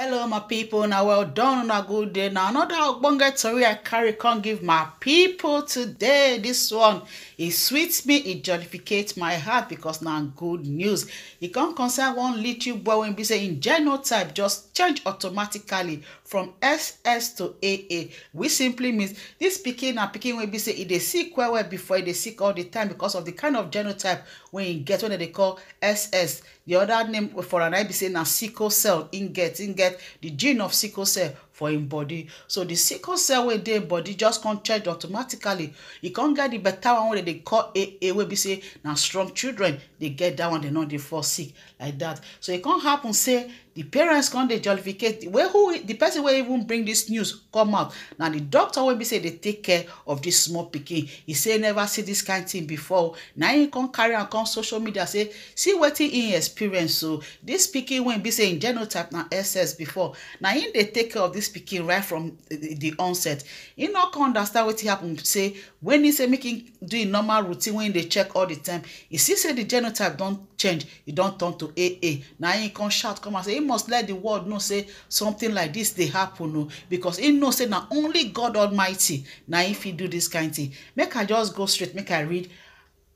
hello my people Now well done on a good day Now another ogbonge tori i carry come give my people today this one it sweet me It jollificate my heart because now good news It e come concern one little boy when we say im genotype just change automatically from ss to aa which simply means this picking and picking when we say e dey sick well well before they dey sick all the time because of the kind of genotype when you e get wey they call ss the other name for an na e be say na sickle cell im get in get get the gene of sickle cell for im body so the sickle cell wey dey im body just come change automatically You e can't get the better one wey dem dey call aa wey say now strong children they get that one They no they fall sick like that so it e can't happen say the parents come dey jollificate the way who the person wey even bring this news come out na the doctor wey be say dey take care of this small pikin He say never see this kind thing before na him come carry am come social media say see wetin him experience so oh. this pikin wey be say him genotype na ss before na him dey take care of this pikin right from the, the onset he no come understand wetin happen say when he say make him do him normal routine wey him dey check all the time he see say the genotype don change He don turn to aa na him come shout come out say him must let the world know say something like this. dey happen o oh, because im know say na only god almighty na im fit do this kind thing, make i just go straight make i read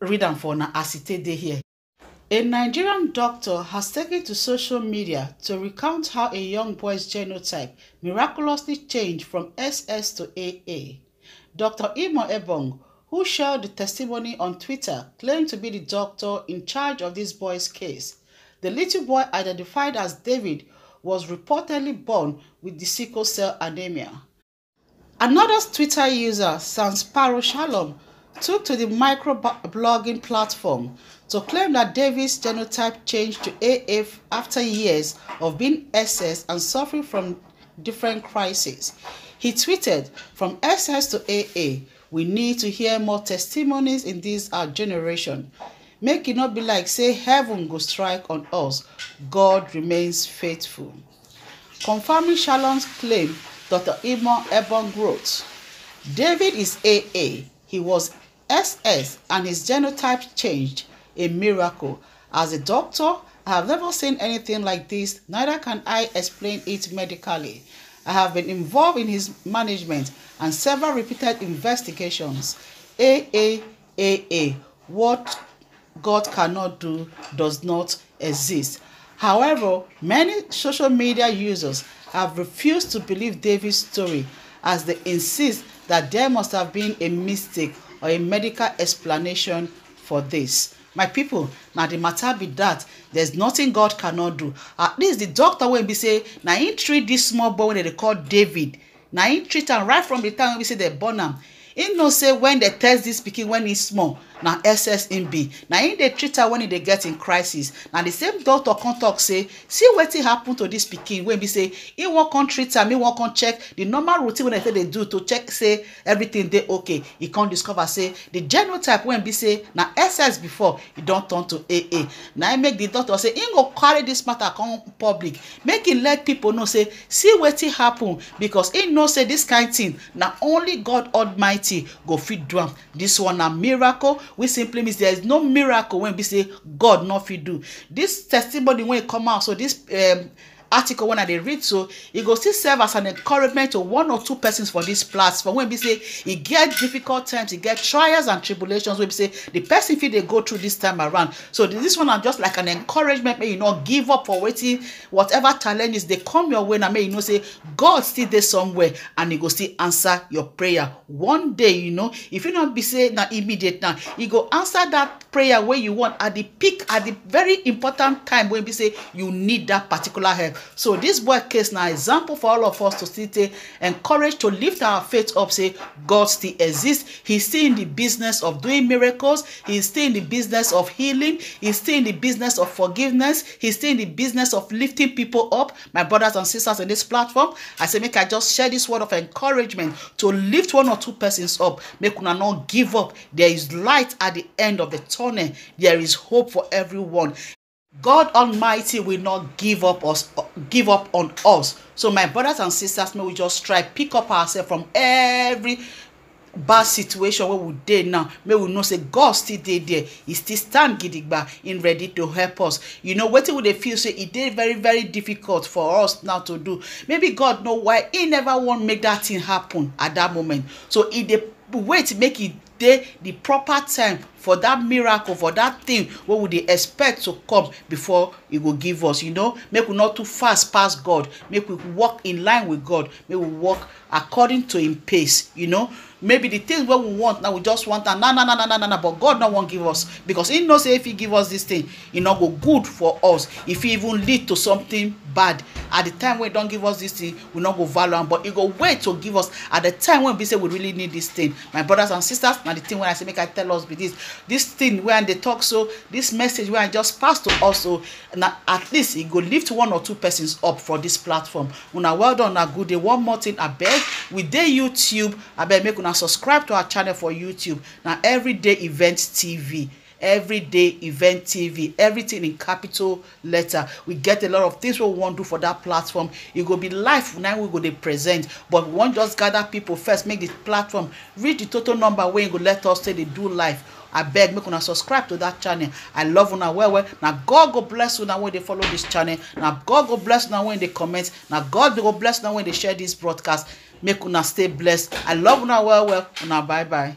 read am for na as e take dey here A Nigerian doctor has taken to social media to recount how a young boy's genotype miraculously changed from SS to AA. Dr. Imo Ebong, who shared the testimony on Twitter, claimed to be the doctor in charge of this boy's case, The little boy, identified as David, was reportedly born with the sickle cell anemia. Another Twitter user, Sansparo Shalom, took to the microblogging platform to claim that David's genotype changed to AF after years of being SS and suffering from different crises. He tweeted, From SS to AA, we need to hear more testimonies in this our generation. make it not be like say heaven go strike on us god remains faithful confirming shalom's claim dr imon ebon wrote david is aa he was ss and his genotype changed a miracle as a doctor i have never seen anything like this neither can i explain it medically i have been involved in his management and several repeated investigations aa aa what God cannot do does not exist. However, many social media users have refused to believe David's story as they insist that there must have been a mistake or a medical explanation for this. My people, now the matter be that there's nothing God cannot do. At least the doctor will be say, now he treat this small boy that they call David. Now he treat him right from the time we say they born him. him know say when they test this pikin when e small na ss im be na im dey treat her wen e dey get in crisis na the same doctor come talk say see wetin happen to this pikin wey be say e wan come treat am e wan come check the normal routine wey dem say dey do to check say everything dey okay he come discover say di genotype wey be say na ss before e don turn to aa na im make the doctor say im go carry this matter come public make im let people know say see wetin happen because im know say dis kain thing na only god almighty almighty go fit do am dis one na miracle wey simply means there is no miracle wey be say god no fit do This testimony wey come out so this. um, article when i dey read so e go still serve as an encouragement to one or two persons for dis platform wey be say e get difficult times e get trials and tribulations wey be say the person fit dey go through this time around so this one na just like an encouragement make you not give up for wetin whatever challenges dey come your way na make you know say god still dey somewhere and e go still answer your prayer one day you know if you e not be say na immediate now e go answer that prayer wey you want at the peak at the very important time wey be say you need that particular help So this work case now example for all of us to still take encourage to lift our faith up, say God still exists. He's still in the business of doing miracles, he's still in the business of healing, he's still in the business of forgiveness, he's still in the business of lifting people up. My brothers and sisters in this platform, I say make I just share this word of encouragement to lift one or two persons up. Make we not give up. There is light at the end of the tunnel. There is hope for everyone. God Almighty will not give up us give up on us. So my brothers and sisters, may we just try pick up ourselves from every bad situation where we did. now may we know say god still dey there he still stand gidigba in ready to help us you know wetin we dey feel say it e dey very very difficult for us now to do maybe god know why he never want make that thing happen at that moment so he dey wait make it e dey the proper time for that miracle for that thing wey we dey expect to come before e go give us you know make we not too fast pass god make we work in line with god make we work according to him pace you know maybe the things wey we want now we just want am na na na na na na but god no wan give us because he know say if he give us this thing e no go good for us e fit even lead to something bad at the time wey he don give us this thing we no go value am but He go wait to give us at the time wey be say we really need this thing my brothers and sisters na the thing wey i say make i tell us be this this thing wey they talk so this message wey i just pass to us so na at least it go lift one or two persons up for this platform una well done na good day one more thing abeg with dey youtube abeg make una subscribe to our channel for youtube na everyday event tv everyday event tv everything in capital letter we get a lot of things wey we wan do for that platform e go be life. na we go dey present but we wan just gather people first make the platform reach the total number wey e go let us take dey do life. I beg make una subscribe to that channel. I love una well well. Now God go bless una when they follow this channel. Now God go bless una when they comment. Now God go bless una when they share this broadcast. Make una stay blessed. I love una well well. Una bye bye.